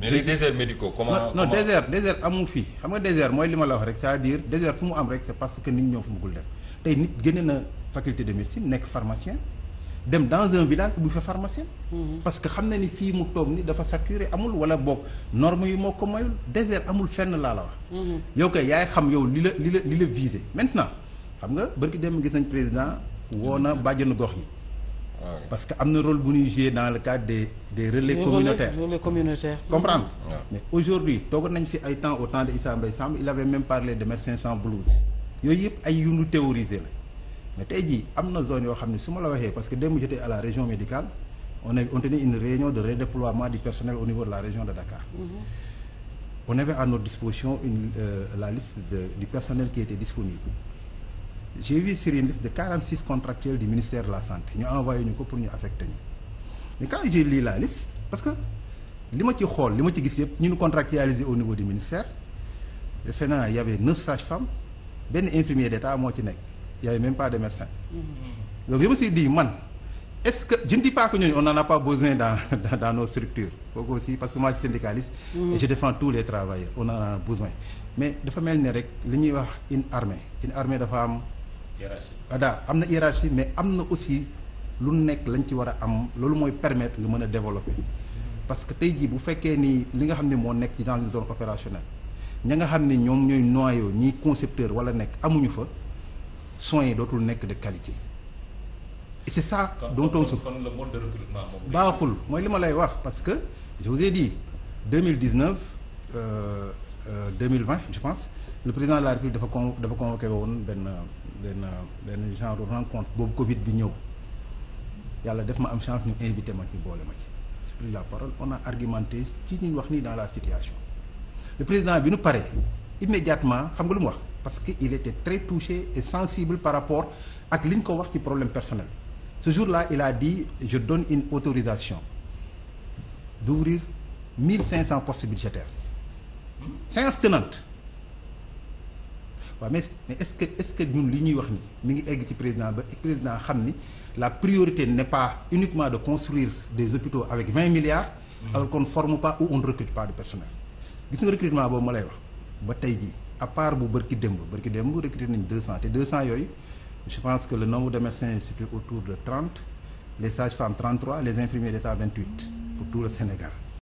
mais les déserts médicaux comment non, non comment... désert désert amul fii xam nga désert mooy li ma la wax rek c'est-à-dire désert fu mu am rek c'est parce que nit ñoo fa bëggul dem tey nit génne na faculté de médecine nekk pharmacien dem dans un village bu fe pharmacien mhm. parce que xam na ni fii mu toog ni dafa saturé amul wala boog norme yi moo ko mayul désert amul fenn laa la wax mhm. yow kay yaay xam yow li la li la li la visé maintenant xam nga bërki dem gis nañ président woo na bàjjenu gox yi parce que am na rôle bu ñuy jouer dans le cadre des des relais communautaires comprendre mais aujourd'hui toogoon nañ fi ay temps au temps de Issa Mbaye Samb il avait même parlé de médecins sans blouse yooyu yëpp ay yu ñu théorisé la mais tey jii am na zone yoo xam ne su ma la waxee parce que démb j'étais à la région médicale on a on tenait une réunion de redéploiement du personnel au niveau de la mm-hmm. avait à notre disposition une euh, la liste de du personnel qui était disponible j'ai vu sur une liste de 46 contractuels du ministère de la santé ñu envoyé ñu ko pour ñu affecté ñu mais quand j'ai lu la liste parce que li ma xool li ma ci gis yëpp ñu contractualisé au niveau du ministère defe naa y benn infirmier d'état moo ci nekk y avait même pas mm-hmm. man est-ce que je ne que ñooñu on n'en besoin dans dans, dans nos parce que moi je suis mm-hmm. je défends tous les travailleurs on en besoin mais dafa mel ni rek li ñuy wax une armée une armée dafa am hiérarchie voilà ah, am na hiérarchie mais am na aussi lu nekk lañ ci war a am loolu mooy permettre nga mën a développer. parce que tey jii bu fekkee ni li nga xam ne moo nekk dans une zone opérationnelle ña nga xam ne ñoom ñooy noyau ñiy concepteur wala nekk amuñu fa soins yi dootul nekk de qualité. et c'est ça donton on se baaxul mooy li ma lay wax parce que je vous ai dit 2019. Euh, Euh, deux mille je pense le président de la république dafa con dafa convoqué woon benn benn benn genre rencontre boobu Covid bi ñëw yàlla def ma am chance ñu invité ma ci boole ma ci j'ai pris la parole on a argumenté ci ñu wax nii dans la situation le président bi nu paree immédiatement xam nga lu mu wax parce que il était très touché et sensible par rapport ak li ñu ko wax ci problème personnel ce jour-là il a dit je donne une autorisation d'ouvrir 1500 postes budgétaires séance tenante waaw mais mais est-ce que li ñuy wax ni mi ngi egg ci président ba président xam ni la priorité n'est pas uniquement de construire des hôpitaux avec vingt milliards. Mmh. alors qu'on ne forme pas ou on ne recrute pas de personnel. gis nga recrutement boobu ma lay wax ba tey jii à bu bërki démb bërki démb recruter nañ te yooyu je pense que le nombre de médecins c'était autour de trente les sages-femmes trente-trois les infirmiers d'État vingt-huit pour tout le